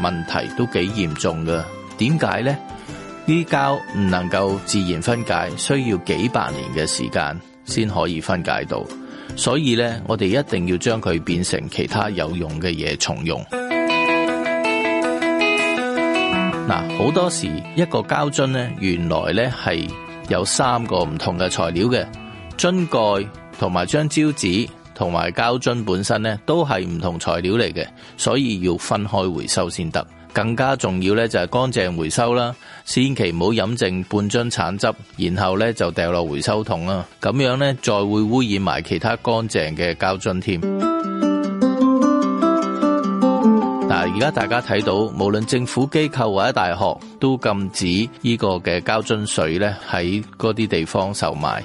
問題都幾嚴重噶，點解呢？呢啲膠唔能夠自然分解，需要幾百年嘅時間先可以分解到，所以呢，我哋一定要將佢變成其他有用嘅嘢重用。嗱，好 多時一個膠樽呢，原來呢係有三個唔同嘅材料嘅，樽蓋同埋張膠紙。同埋膠樽本身咧，都係唔同材料嚟嘅，所以要分開回收先得。更加重要咧，就係乾淨回收啦。千祈唔好飲剩半樽橙汁，然後咧就掉落回收桶啦。咁樣咧，再會污染埋其他乾淨嘅膠樽添。嗱，而家大家睇到，無論政府機構或者大學，都禁止呢個嘅膠樽水咧喺嗰啲地方售賣。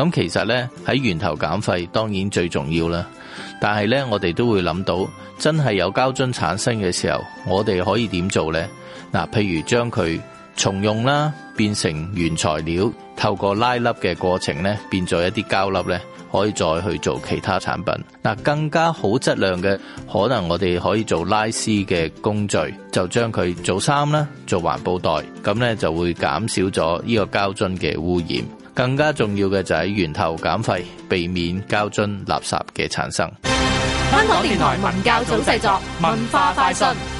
咁其實呢，喺源頭減廢當然最重要啦。但係呢，我哋都會諗到，真係有膠樽產生嘅時候，我哋可以點做呢？嗱，譬如將佢重用啦，變成原材料，透過拉粒嘅過程呢，變做一啲膠粒呢。可以再去做其他產品，嗱更加好質量嘅，可能我哋可以做拉絲嘅工序，就將佢做衫啦，做環保袋，咁呢就會減少咗呢個膠樽嘅污染。更加重要嘅就係源頭減廢，避免膠樽垃圾嘅產生。香港電台文教組製作，文化快訊。